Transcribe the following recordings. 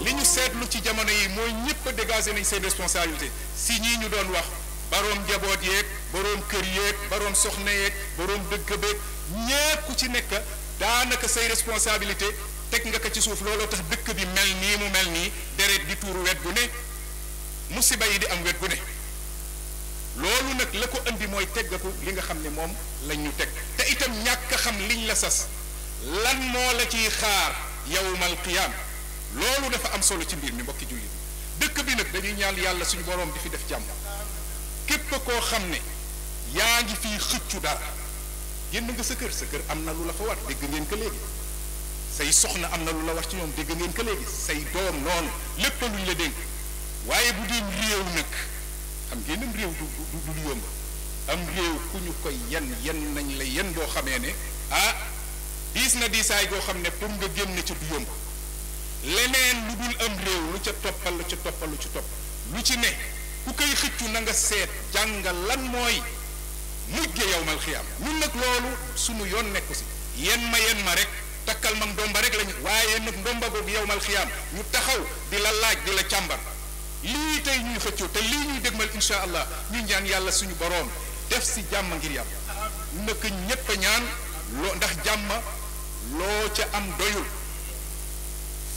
li ñu seetlu ci jamono yi mooy ñëpp dégager nañ seen responsabilité si ñii ñu doon wax baroom njaboot yeeg baroom kër yeeg baroom soxna yeeg baroom dëkk beeg ku ci nekk daanaka say responsabilité teg ci suuf looloo tax dëkk bi mel nii mu mel nii deret bi tuuru wet ne musiba yi di am wet gu ne loolu nag la ko indi mooy teggaku li nga xam ne moom lañ ñu teg te itam ñàkk xam liñ la sas lan moo la ciy xaar yawmal qiyaam loolu dafa am solo ci mbir mi mbokki jullit dëkk bi nag dañuy ñaan yàlla suñu boroom di fi def jàmm képp koo xam ne yaa ngi fiy xëccu dara génn nga sa kër sa kër am na lu la fa war dégg ngeen ko léegi say soxna am na lu la war ci ñoom dégg ngeen ko léegi say doom noonu lépp luñ la dénk waaye bu dee réew nag xam ngeen am réew du du yomb am réew ku ñu koy yan yan nañ la yan boo xamee ne ah diis na diisaay goo xam ne pour nga génn ca du yomb leneen lu dul am réew lu ca toppal lu ca toppal lu ci topp lu ci ne ku koy xëccu na nga seet jàngal lan mooy mujj yow mal xiyaam ñun nag loolu sunu yoon nekku ci yen ma yen ma rek. takkal mag ndomba rek lañu waaye nag ndomba googu yowmal xiyaam ñu taxaw di la laaj di la càmbar lii tey ñuy xëccoo te lii ñuy dégmal incha allah ñu ñaan yàlla suñu boroom def si jàmm ngir yàlla naka ñépp a ñaan loo ndax jàmm loo ca am doyul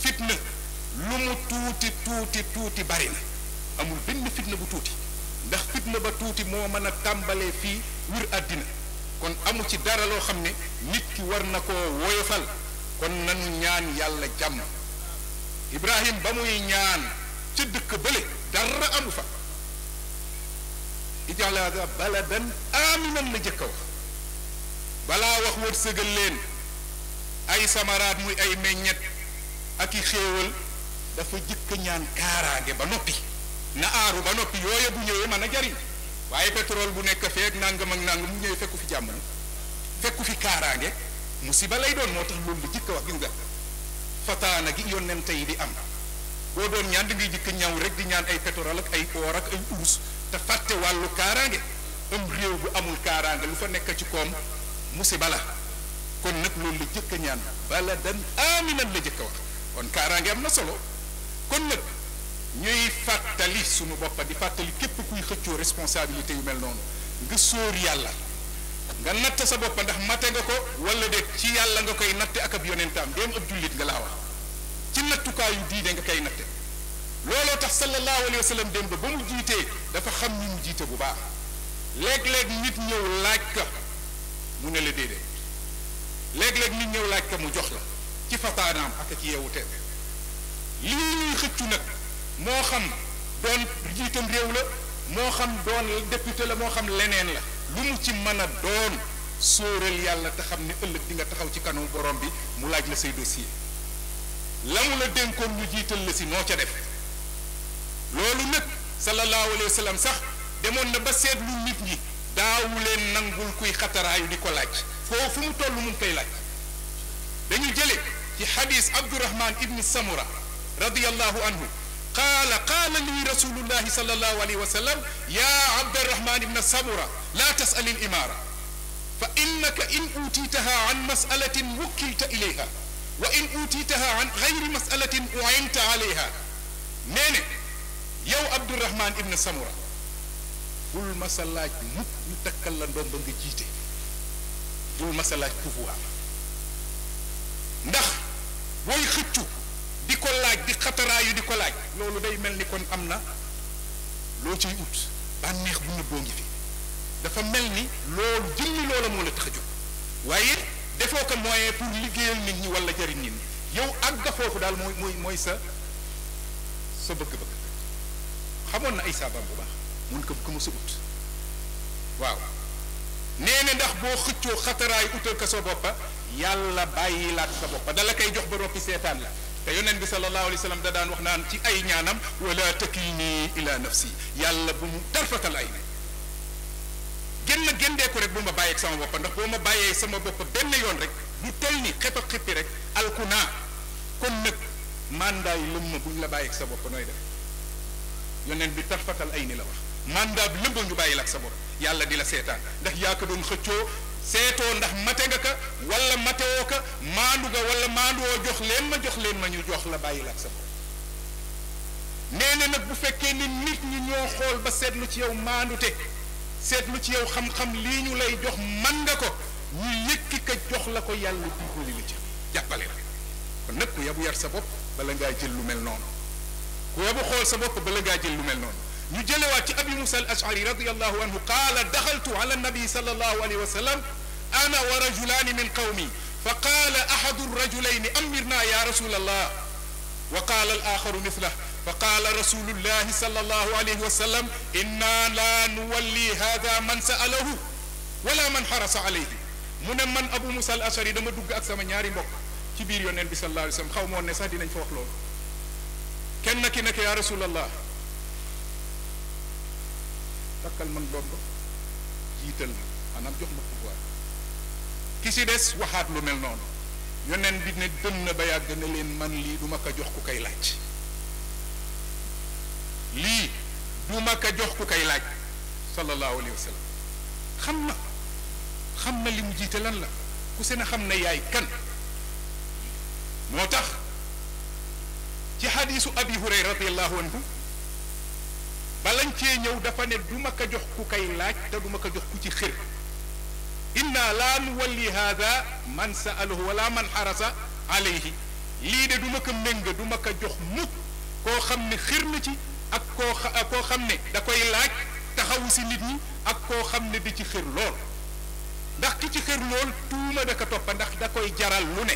fitna lu mu tuuti tuuti tuuti bari na amul benn fitna bu tuuti ndax fitna ba tuuti moo mën a tàmbalee fii wir àddina kon amu ci dara loo xam ne nit ki war na koo woyofal kon nanu ñaan yàlla jàmm Ibrahim ba muy ñaan ca dëkk bële dara amu fa ijal hada baladan aaminan la jëkk a wax balaa wax wërsëgal leen ay samaraat muy ay meññet ak i xéewal dafa jëkk ñaan kaaraange ba noppi na aaru ba noppi yooya bu ñëwee mën a jariñ waaye pétrole bu nekk feeg nangam ak nangam mu ñëwee fekku fi jàmm na fekku fi kaaraange musiba lay doon moo tax loolu lu jëkk wax gis nga fataana gi yonent yi di am boo doon ñaan di ngay jëkk ñaw rek di ñaan ay pétrole ak ay oor ak ay urus te fàtte wàllu kaaraange am réew bu amul kaaraange lu fa nekk ci koom musiba la kon nag loolu la jëkk ñaan bala dan aaminan la jëkk wax kon kaaraange am na solo kon nag ñuy fàttali sunu boppa di fàttali képp kuy xëccoo responsabilité yu mel noonu nga sóor yàlla nga natt sa boppa ndax mate nga ko wala déet ci yàlla nga koy natt ak ab yonentaam déem ab jullit nga laa wax ci nattukaayu diine nga koy natte looloo tax sallallahu alayhi wa sallam démb ba mu jiitee dafa xam ni bu baax léeg-léeg nit ñëw laaj ka mu ne la laaj ka mu jox la ci fataanaam ak ak yeewu teem ñuy xëccu nag moo xam doon njiitam réew la moo xam doon député la moo xam leneen la lu mu ci mën a doon sóoral yàlla te xam ne ëllëg di nga taxaw ci kanamu borom bi mu laaj la say dossier la mu la dénkoon ñu jiital la si noo ca def loolu nag sallallahu alayhi wa sax demoon na ba seet lu nit ñi daawu leen nangul kuy xataraayu di ko laaj foofu mu toll mun koy laaj dañu jële ci xadis Abdurahman ibni Samura radiyallahu anhu qaala qaala lii rasulullahi sallallahu alayhi wa sallam yaa abdarrahman ibna samura laa tasal il imaara fa innaka in uutiitaha an masalatin wukkilta ilayha wa in uutiitaha an gayri masalatin uinta alayha nee ne yow abdurahman ibna samura bul masa laaj mukk ñu takkal la ndoom ba nga jiite bul masa laaj pouvoir ndax booy xëccu di ko laaj di xataraayu di ko laaj loolu day mel ni kon am na loo ciy ut bànneex bu nëbboo ngi fi dafa mel ni loolu jëmmi loola moo la tax a jóg waaye defoo ko pour liggéeyal nit ñi wala jariñ nit ñi yow daal mooy mooy mooy sa sa bëgg na ay saabaam bu baax mun waaw nee na ndax boo xëccoo xataraay utal ko sa boppa yàlla bàyyilaat sa boppa dala koy jox ba noppi seetaan la te yonent bi sallallahu alayhi wa da daan wax naan ci ay ñaanam wala takilni ila nafsi yàlla bu mu tarfatal ay ne génn géndeeku rek bu ma bàyyeeg sama bopp ndax boo ma bàyyee sama bopp benn yoon rek du tel ni xepp ak rek alku kon nag mandat yi lëmm buñ la bàyyeeg sa bopp nooy def yonent bi tarfatal ay ni la wax mandat bi bàyyi la ak sa bopp yàlla di la seetaan ndax yaa ko doon xëccoo seetoo ndax mate nga ka walla matewoo ka maandu nga wala maanduwoo jox leen ma jox leen ma ñu jox la bàyyi la ak sa bopp nee na nag bu fekkee ni nit ñi ñoo xool ba seetlu ci yow maandute seetlu ci yow xam-xam lii ñu lay jox man nga ko ñu yëkki ka jox la ko yàlla dimbali la ci jàppale la kon nag ku yabu yar sa bopp bala ngaa jël lu mel noonu ku yabu xool sa bopp bala ngaa jël lu mel noonu ñu jëlewaat ci abi musa al ashari radiallahu anhu qaala daxaltu ala nabi sallallahu alayhi wa sallam ana wa rajulaani min qawmi fa qaala ahadu rajulayni amirna ya rasul allah wa qaala al axaru mithlah fa qaala rasulullahi sallallahu alayhi wa sallam inna la nuwalli hada man sa'alahu wala man xarasa alayhi mu ne man abu musa al ashari dama dugg ak sama ñaari mbokk ci biir yonent bi sallallahu alayhi wa sallam xaw ma woon ne sax dinañ fa wax loolu kenn ki nekk ya rasulallah takkal man domb jiital na maanaam jox ma pouvoir ki si des waxaat lu mel noonu yoneen bi ne dem na ba yàgg ne leen man lii du ma ko jox ku koy laaj lii du ma ko jox ku koy laaj sallallahu alayhi wa xam na xam na li mu jiite lan la ku seen xam na yaay kan moo tax ci xadiisu abi hurayra radiallahu anhu ba lañ cee ñëw dafa ne du ma ko jox ku kay laaj te du ko jox ku ci xër naa laa nuwalli haada man saalahu wala man xarasa alayhi lii de du ma ko ménga duma ko jox mukk koo xam ne xir na ci ak koo xam ne da koy laaj taxawu si nit ñi ak koo xam ne di ci xir lool ndax ki ci xir lool tuuma da ko toppa ndax da koy jaral lu ne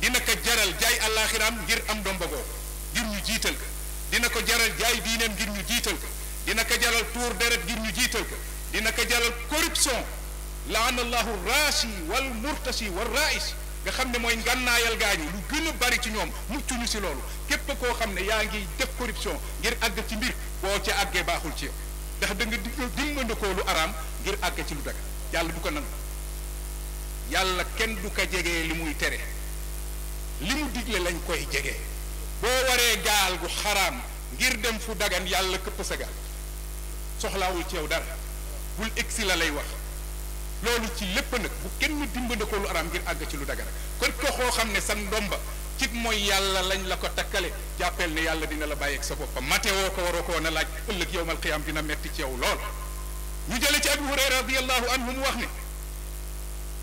dina ko jaral jaay àllaaxiraam ngir am dombagoo ngir ñu jiital ko dina ko jaral jaay diineem ngir ñu jiital ko dina ko jalal tuur deret ngir ñu jiital ko dina ko jalal corruption laanallahu raasi wal murtasi wal raïs nga xam ne mooy gànnaayal gaa ñi lu gën a bari ci ñoom muccuñu si loolu képp koo xam ne yaa ngi def corruption ngir àgg ci mbir boo ca àggee baaxul ci yow ndax da nga dimbandikoo lu araam ngir àgg ci lu daga yàlla du ko nangu yàlla kenn du ko jege li muy tere li mu digle lañ koy jege boo waree gaal gu xaraam ngir dem fu dagan yàlla këpp sa soxlaawul ci yow dara bul si la lay wax loolu ci lépp nag bu kenn dimbandikoo lu araam ngir àgg ci lu dagara kon ko xoo xam ne sa ndomba ci mooy yàlla lañ la ko takkale jàppeel ne yàlla dina la bàyyeeg sa boppam matewoo ko waroo ko woon laaj ëllëg yowmal qiyaam dina metti ci yow lool ñu jële ci abu hurayra radiallahu anhu mu wax ne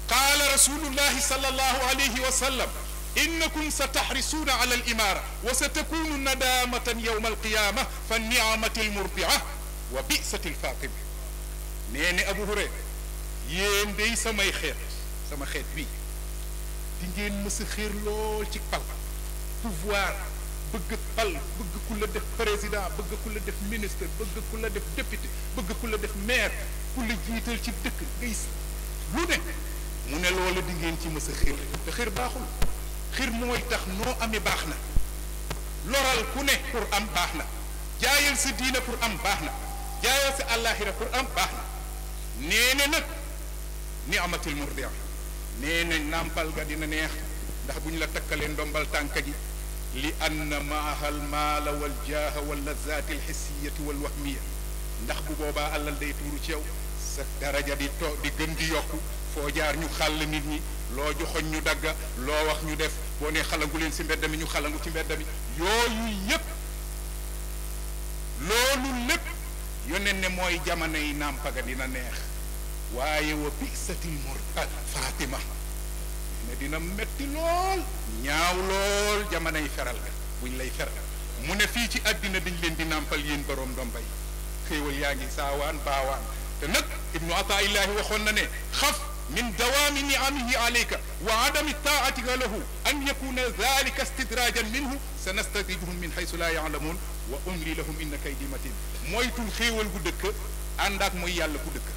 qaala rasulullahi sallallahu alayhi wa sallam innakum sa taxrisuuna ala imaara wa sa takunu nadamatan yowma alqiyaama fa niamati almurdia waa wa bisatil faatib bi ni Abu Hurayra yéen day samay xeet sama xeet bii di ngeen mës xiir lool ci pal pouvoir bëgg pal bëgg ku la def président bëgg ku la def ministre bëgg ku la def député bëgg ku la def maire ku li jiital ci dëkk ngay lu ne mu ne loolu di ngeen ci mës a xiir te xiir baaxul xiir mooy tax noo amee baax na loral ku ne pour am baax na jaayal sa diina pour am baax na jaayoo sa àllaaxira pour am baax na nee nag ni amatul murdia nee na nàmpal ga dina neex ndax bu ñu la takkalee ndombal tànk gi li anna maahal maala wal jaaha wal lazaati al xissiyati wal ndax bu boobaa àllal day tuuru ci yow sa daraja di to di gën di yokk foo jaar ñu xàll nit ñi loo joxoñ ñu dagga loo wax ñu def boo ne xalangu leen si mbedd ñu xalangu ci mbeddami mi yooyu yépp loolu yónneen ne mooy jamono yi nàmpaga dina neex waaye wa bisatil murtad Fatima ne dina metti lool ñaaw lool jamonoy feral ga buñ lay fer mu ne fii ci àddina dañ leen di nàmpal yéen borom ndombay xéewal yaa ngi saawaan baawaan te nag ibnu ataillahi waxoon na ne xaf من دوام نعمه عليك وعدم طاعتك له أن يكون ذلك استدراجا منه سنستدرجهم من حيث لا يعلمون وأملي لهم إن كيدي متين moytul xéewal gu dëkk ànd ak mooy yàlla ku dëkk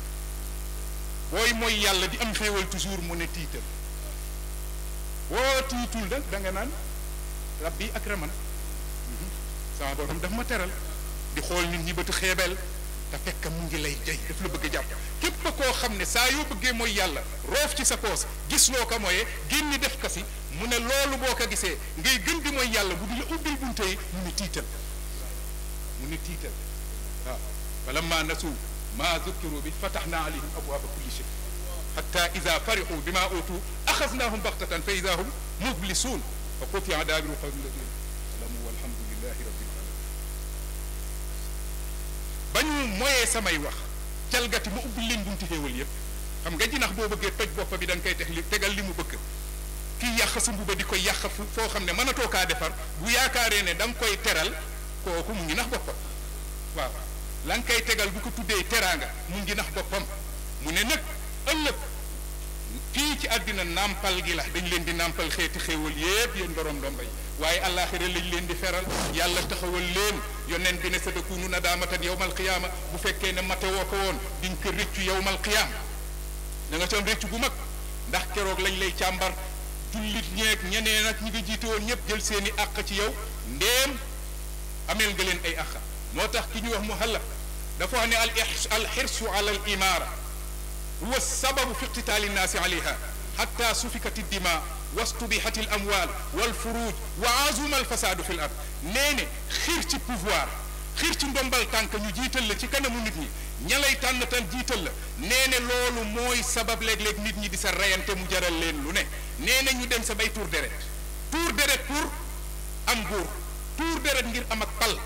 booy mooy yàlla di am xéewal toujours mu ne tiital boo tiitul nag da nga naan rabbi akraman mhm. sama borom daf ma teral di xool nit ñi bëtu xeebel te fekk mu ngi lay jay daf la bëgg a jàpp képp koo xam ne saa yoo bëggee mooy yàlla roof ci sa poos gis loo ko mooyee génn def ka si mu ne loolu boo ko gisee ngay gën di mooy yàlla bu di la ubbil bunte yi mu ni tiital mu ni tiital waaw falamma nasu ma zukkiru bi fataxna alayhim abwaaba kulli shay xatta ida farixu bi ma utu axasnahum baxtatan fa ida hum mublisuun fa qutia daabiru qawmi ladina ba ñu moyee samay wax jalgati mu ubbi leen bunti xéewal yépp xam nga jinax boo bëggee toj bopp bi da nga koy tex li tegal li mu bëgg kii yàq sa mbuba di koy yàq fu xam ne mënatoo kaa defar bu yaakaaree ne da nga koy teral kooku mu ngi nax boppam waaw koy tegal bu ko teraanga mu ngi nax boppam mu ne nag ëllëg fii ci àddina nàmpal gi la dañ leen di nàmpal xeeti xéewal yépp yéen borom ndomba yi waaye àllaaxira lañ leen di feral yàlla taxawal leen yonent bi ne sa takunu nadaamatan yowmal qiyaama bu fekkee ne mate woo ko woon diñ ko rëccu yowmal qiyaama da nga ci rëccu bu mag ndax keroog lañ lay càmbar jullit ñeeg ñeneen ak ñi nga jiite woon ñëpp jël seeni àq ci yow ndéem ameel nga leen ay àq moo tax ki ñu wax mu xallaq dafa wax ne al al xirsu ala imaara huwa sababu fi iqtitaali naasi alayha xatta sufikati dimaa wastubihat al amwal wal furuj wa azuma al fasadu fi l ard nee ne xiir ci pouvoir xiir ci ndombal tànk ñu jiital la ci kanamu nit ñi ña tànn tan jiital la nee ne loolu mooy sabab léeg-léeg nit ñi di sa reyante mu jaral leen lu ne nee na ñu dem sa bay tuur deret tuur deret pour am nguur tuur deret ngir am ak pal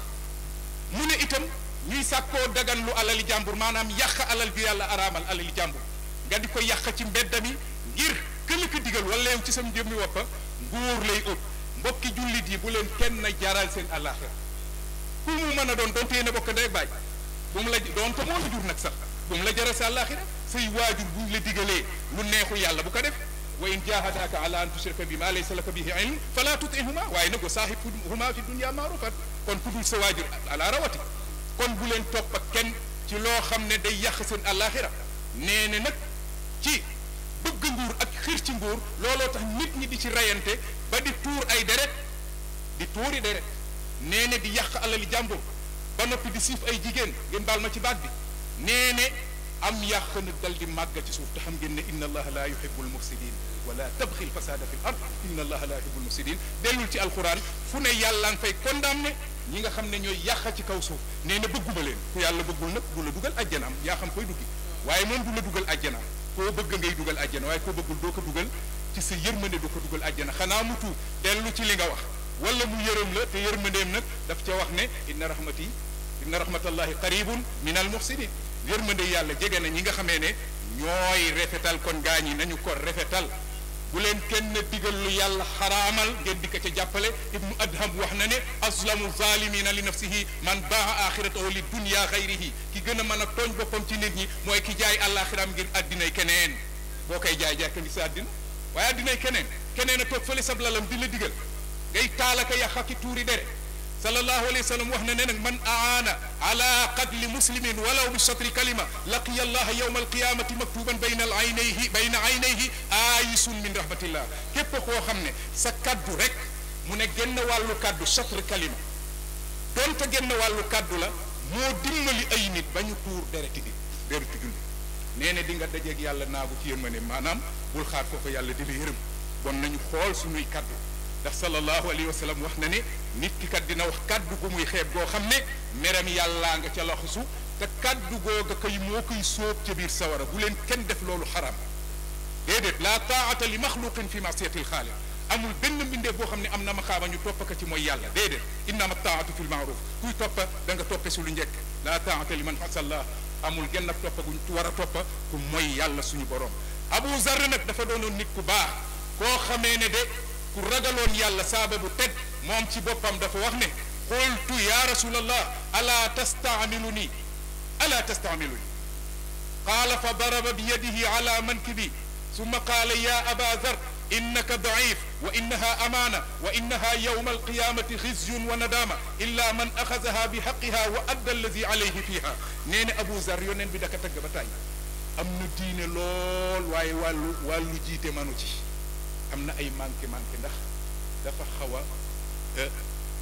mu ne itam ñuy sàkkoo dagan lu alali jàmbur maanaam yàq alal ju yàlla araamal alali jàmbur nga di ko yàq ci mbedd mi ngir la la ko digal wala yow ci sam jëmmi woppa nguur lay ut mbokki jullit yi bu leen kenn jaaral seen àllaaxira ku mu mën a doon doon na bokk ndey baay bu mu la doon te moo la jur nag sax bu mu la jaral sa àllaaxira say waajur buñ la digalee lu neexul yàlla bu ko def wa in jahadaaka ala an tushrika bi ma laysa laka bihi ilm fala tutihuma waaye nag wa saahibhuma fi dunya maarufan kon ku dul sa waajur alaa rawati kon bu leen topp kenn ci loo xam ne day yàq seen àllaaxira nee na nag ci bëgg nguur ak xiir ci nguur looloo tax nit ñi di ci reyante ba di tuur ay deret di tuuri deret nee ne di yàq alali jàmbur ba noppi di siif ay jigéen ngeen baal ma ci baat bi nee ne am yàq nag dal di màggal ci suuf te xam ngeen ne inna allaha laa yuhibbu almufsidin wala tabxi alfasada fi l ard inna allaha laa yuhibbu almufsidin dellul ci alquran fu ne yàlla nga fay condamné ñi nga xam ne ñooy yàq ci kaw suuf nee na bëgguma leen ku yàlla bëggul nag du la dugal ajjanaam yaa xam koy duggi waaye moom du la dugal ajjanaam koo bëgg ngay dugal àjjana waaye koo bëggul doo ko dugal ci sa yërmande doo ko dugal àjjana xanaa mu tu dellu ci li nga wax wala mu yërëm la te yërmandeem nag daf ca wax ne inna rahmati inna rahmatallahi qaribun min al muhsinin yërmande yàlla jege na ñi nga xamee ne ñooy rafetal kon gaañ yi nañu ko rafetal bu leen kenn digal lu yàlla xaraamal ngeen di ko ca jàppale ibnu adham wax na ne azlamu zalimina li nafsihi man baaxa axiratahu li dunya xayrihi ki gën a mën a tooñ boppam ci nit ñi mooy ki jaay àllaaxiraam ngir addinay keneen boo koy jaay jaay ko ngi sa addina waaye addinay keneen keneen a toog fële sablalam di la digal ngay taal ak a yàq i tuuri dere sallallahu alayhi wa sallam wax na ne nag man aana ala qatli muslimin walaw bi shatri kalima laqiya allaha yowma alqiyamati maktuban bayna al aynayhi bayna aynayhi ayisun min rahmatillah képp koo xam ne sa kaddu rek mu ne genn wàllu kàddu shatri kalima donte genn wàllu kaddu la moo dimbali ay nit ba ñu tuur dereti nit dereti julli nee na di nga dajeeg yàlla naagu ci yërmande maanaam bul xaar ko yàlla di la yërëm bon nañu xool suñuy kaddu ndax sallallahu alayhi wa sallam wax na ne nit ki kat dina wax kàddu gu muy xeeb goo xam ne meram yàllaa nga ca laxasu te kàddu googa koy moo koy sóob ca biir sawara bu leen kenn def loolu xaram déedéet la taata li maxluqin fi masiyatil xaaliq amul benn mbindeef boo xam ne am na maxaama ñu topp ko ci mooy yàlla déedéet innama taatu fi lmaaruf toppa da nga toppe su lu njëkk la taata li man asallah amul genn ab topp guñ war a topp ku mooy yàlla suñu borom abu zar nag dafa doonoon nit ku baax koo xamee ne de ku ragaloon yàlla saaba bu teg moom ci boppam dafa wax ne qultu ya rasulallah ala tastaamilu nii ala tastaamilu nii qaala fa daraba bi yadihi ala mankibi summa qaala ya aba dhar innaka daif wa innaha amaana wa innaha yowma alqiyamati xizyun wa nadaama illa man axazaha bi xaqiha wa adda allazi alayhi fiha nee na Abu Zar yoneen bi daka tëgg ba tàyyi am na diine lool waaye wàllu wàllu jiite manu ci am na ay manqué manqué ndax dafa xaw a euh,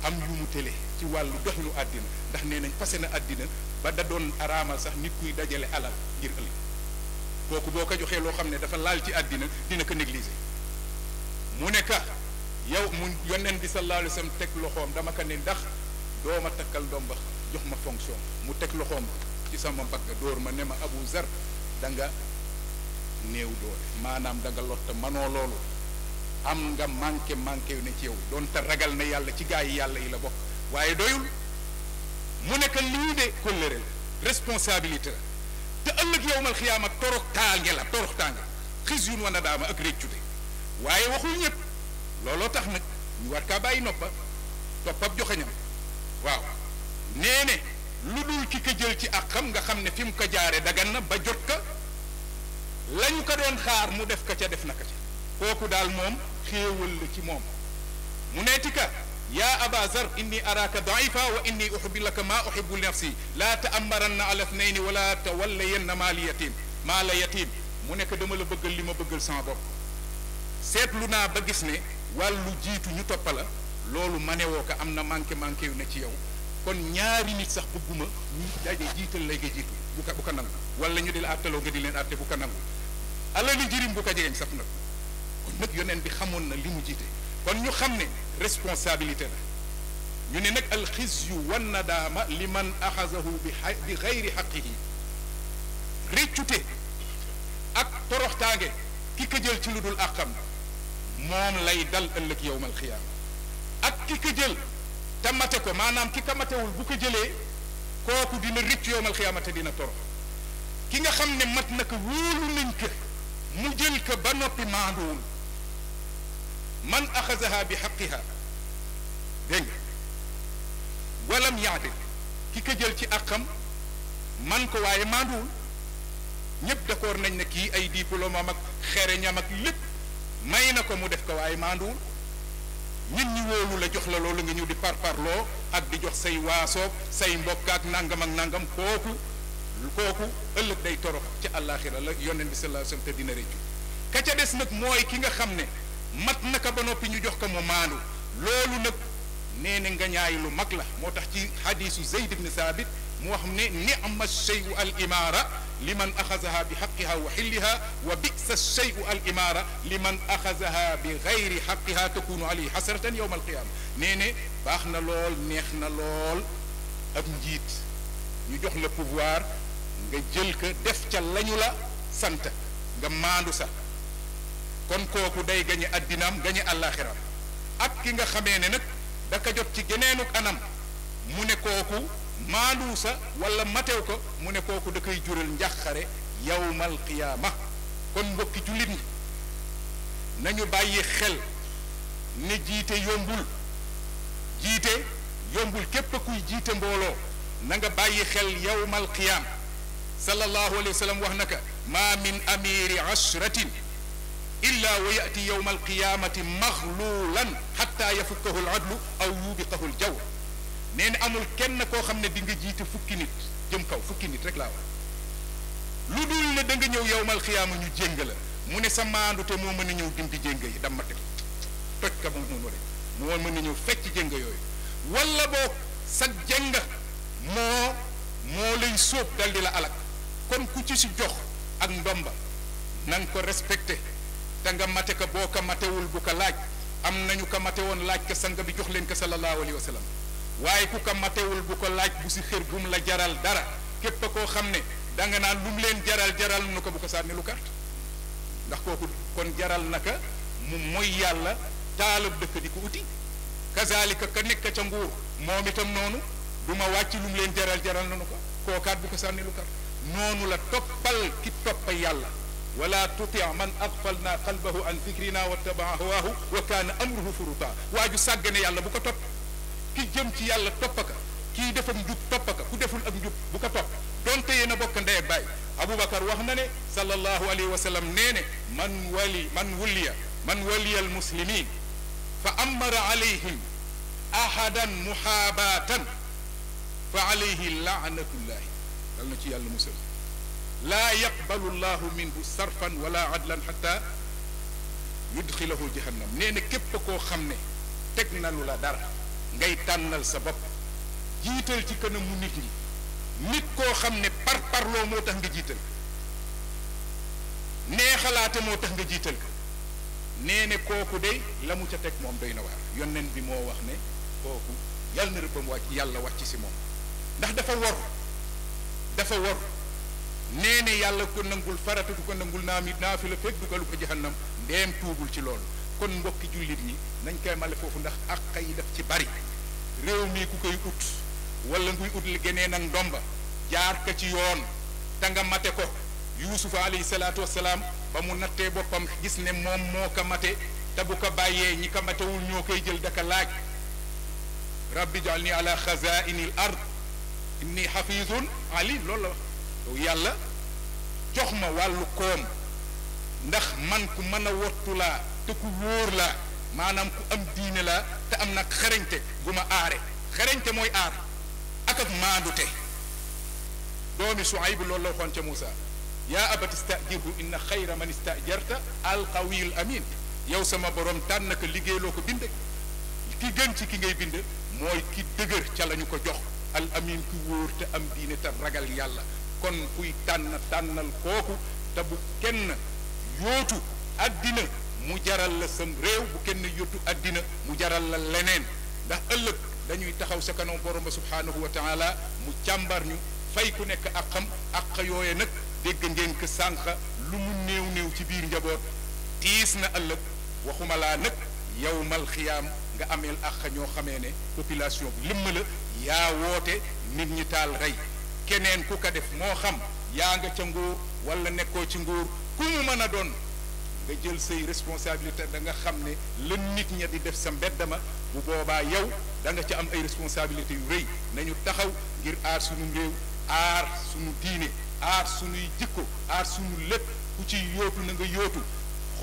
am yu mu télé ci wàllu doxinu àddina ndax nee nañ passé na àddina ba da doon araamal sax nit kuy dajale alal ngir ëllëg kooku boo ko joxee loo xam ne dafa laal ci àddina dina ko négliger mu ne yow mu yonent bi sa alayhi wa sallam teg loxoom dama ko ne ndax doo ma takkal ndomba jox ma fonction mu teg loxoom ci sama mbagg dóor ma ne ma Abu Zar da nga néew doole maanaam da nga lotta manoo loolu am nga manqué manqué yu ne ci yow donte ragal na yàlla ci gaa yi yàlla yi la bokk waaye doyul mu nekk lii de kóllëre la responsabilité la te ëllëg yowmal xiyaama torox taange la torox taange xis yun wan a daama ak réccute waaye waxul ñëpp looloo tax nag ñu war kaa bàyyi noppa toppab joxañam waaw nee ne lu dul ki ko jël ci ak xam nga xam ne fi mu ko jaare dagan na ba jot ka lañu ko doon xaar mu def ka ca def na ka ca kooku daal moom xéewal la ci moom mu neeti ka yaa aba indi inni araaka daifa wa inni uxibu laka maa uxibu li nafsi laa taamaranna ala thnayni wala tawallayanna maa li yatim maa la nekk dama la bëggal li ma bëggal sama bopp seetlu naa ba gis ne wàllu jiitu ñu toppa la loolu manewoo ko am na manqué manqué yu ne ci yow kon ñaari nit sax bëgguma ñu daje jiital lay bu ko bu ko nangu wala ñu di la àttaloo nga di leen àtte bu ko nangu ala nag kon nag yoneen bi xamoon na li mu jiite kon ñu xam ne responsabilité la ñu ne nag alxisyu wan daama li man axasahu bi bi xayri xaqihi réccute ak toroxtaange ki ko jël ci lu dul àqam lay dal ëllëg yowmal xiyaama ak ki jël te mate ko maanaam ki ko matewul bu ko jëlee kooku dina rëcc yowmal xiyaama te dina torox ki nga xam ne mat na ko wóolu nañ ko mu jël ko ba noppi maanduwul man axasaha bi xaqiha dégg nga walam yaate ki ko jël ci àqam man ko waaye maanduwul ñépp d'accord nañ ne kii ay diplôme am ak xereñam ak lépp may na ko mu def ko waaye maanduwul nit ñi wóolu la jox la loolu nga ñëw di par parloo ak di jox say waasoog say mbokk ak nangam ak nangam kooku kooku ëllëg day torox ci àllaaxira la yonent bi sallallahu alayhi wasallam te dina réccu ka ca des nag mooy ki nga xam ne mat naka ba noppi ñu jox ko mu maandu loolu nag nee na nga ñaay lu mag la moo tax ci xadiisu zeyd ibn saabit mu wax ne ni'ma cheyu al imaara li man axazaha bi xaqiha wa xilliha wa bisa cheyu al imaara li man axazaha bi gayri xaqiha takunu alayhi xasratan yowma alqiyaama nee ne baax na lool neex na lool ab njiit ñu jox la pouvoir nga jël ko def ca lañu la sant nga maandu sa kon kooku day gañe àddinaam gañe àllaaxiram ak ki nga xamee ne nag da jot ci geneenuk anam mu ne kooku maalu sa wala matew ko mu ne kooku da koy jural njàqare yawmal qiyaama kon mbokki jullit ñi nañu bàyyi xel ne jiite yombul jiite yombul képp kuy jiite mbooloo na nga bàyyi xel yawmal qiyaam sallallahu alayhi wa wax na ka maa min amiri ashratin illaa wa yati yowma alqiyaamati maxluulan xatta yafukkahu al adlu aw yuubiqahu al jawr nee na amul kenn koo xam ne di nga jiite fukki nit jëm kaw fukki nit rek laa wax lu dul ne da ñëw yowmal xiyaama ñu jéng la mu ne sa maandu te moo mën na ñëw dindi jéng yi dama teg toj ka moom noonu rek moo mën a ñëw fecc jëng yooyu wala boog sa jéng moo moo lay sóob dal la alak kon ku ci si jox ak ndomba na ko respecte da nga mate ko boo ko matewul bu ko laaj am nañu ko mate woon laaj ko sang bi jox leen ko sallallahu alayhi wa sallam waaye ku ko matewul bu ko laaj bu si xër bu la jaral dara képp koo xam ne danga nga naan lu mu leen jaral jaral nu ko bu ko sànni lu kart ndax kooku kon jaral naka mu mooy yàlla taalab dëkk di ko uti kazalika ka nekk ca nguur moom itam noonu du ma wàcc lu leen jaral jaral nanu ko kookaat bu ko sànni lu kar noonu la toppal ki toppa yàlla wala tuti man axfalna qalbahu an dicrina wattabaa hawaahu wa kaana amruhu furuta waa ju sàggane yàlla bu ko topp ki jëm ci yàlla topp ka kii def ak njub topp ka ku deful ak njub bu ko topp donte yéen a bokk ndey ak baay aboubacar wax na ne sallallahu alayhi wa sallam nee ne man wali man wuliya man waliya almuslimin fa amara alayhim ahadan muhaabatan fa alayhi laanatullahi dal na ci yàlla musal laa yaqbalu llahu minhu sarfan wala adlan xata yudxilahu jahannam nee na képp koo xam ne teg na lu la dara ngay tànnal sa bopp jiital ci kanamu nit yi nit koo xam ne par parloo moo tax nga jiital neexalaate moo tax nga jiital nee ne kooku de la mu ca teg moom doy na waar yonent bi moo wax ne kooku yàlla na rëbbam wàcc yàlla wàcc si moom ndax dafa waru dafa waru nee yàlla ko nangul farata du ko nangul naa mi naa fi la fekk dugalu ko jahannam ndeem tuubul ci loolu kon mbokki jullit ñi nañ koy male foofu ndax ak yi daf ci bari réew mi ku koy ut wala nguy ut li geneen ak ndomba jaar ko ci yoon te nga mate ko yuusufa alayhi salaatu wasalaam ba mu nattee boppam gis ne moom moo ko te bu ko bàyyee ñi ko ñoo koy jël da laaj rabbi ij'alni ala xazaini l ard inni xafizun alim loolu la yàlla jox ma wàllu koom ndax man ku mën a wottu laa te ku wóor laa maanaam ku am diine laa te am nag xarañte gu ma aare xarañte mooy aar ak ak maandute doomi Suayb lool la waxoon ca Moussa yaa abati stajirhu inna xayra man istajarta alqawiyul amin yow sama borom tànn ko liggéeyloo ko bind ki gën ci ki ngay bind mooy ki dëgër ca la ko jox al amin ki wóor te am diine te ragal yàlla kon kuy tànn tànnal kooku te bu kenn yóotu àddina mu jaral la sam réew bu kenn yóotu àddina mu jaral la leneen ndax ëllëg dañuy taxaw sa kanam borom ba subhaanahu mu càmbar ñu fay ku nekk ak xam ak yooye nag dégg ngeen ko sànq lu mu néew néew ci biir njaboot tiis na ëllëg waxuma laa nag yowmal xiyaam nga ameel ak ñoo xamee ne population bi lim la yaa woote nit ñi taal rey keneen ku ko def moo xam yaa nga ca nguur wala nekkoo ci nguur ku mu mën a doon nga jël say responsabilité da nga xam ne la nit ña di def sa mbedd ma bu boobaa yow da nga ci am ay responsabilité yu rëy nañu taxaw ngir aar sunu réew aar sunu diine aar sunuy jikko aar sunu lépp ku ci yóotu na nga yootu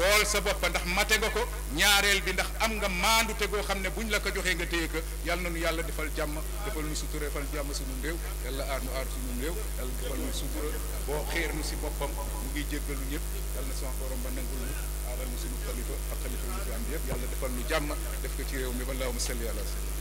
xool sa boppa ndax ma mate nga ko ñaareel bi ndax am nga maandu te xam ne bu ñu la ko joxee nga téye ko yal na nu yàlla defal jàmm defal nu sutura defal jàmm sunu réew yàlla aar nu aar sunu réew yàlla defal nu sutura boo xeer nu si boppam mu ngi jéggalu ñëpp yàlla na sama borom ba nangul ñu aaral nu sunu xalifa ak xalifa yu fi am yëpp yàlla defal nu jàmm def ko ci réew mi ba allahumma salli ala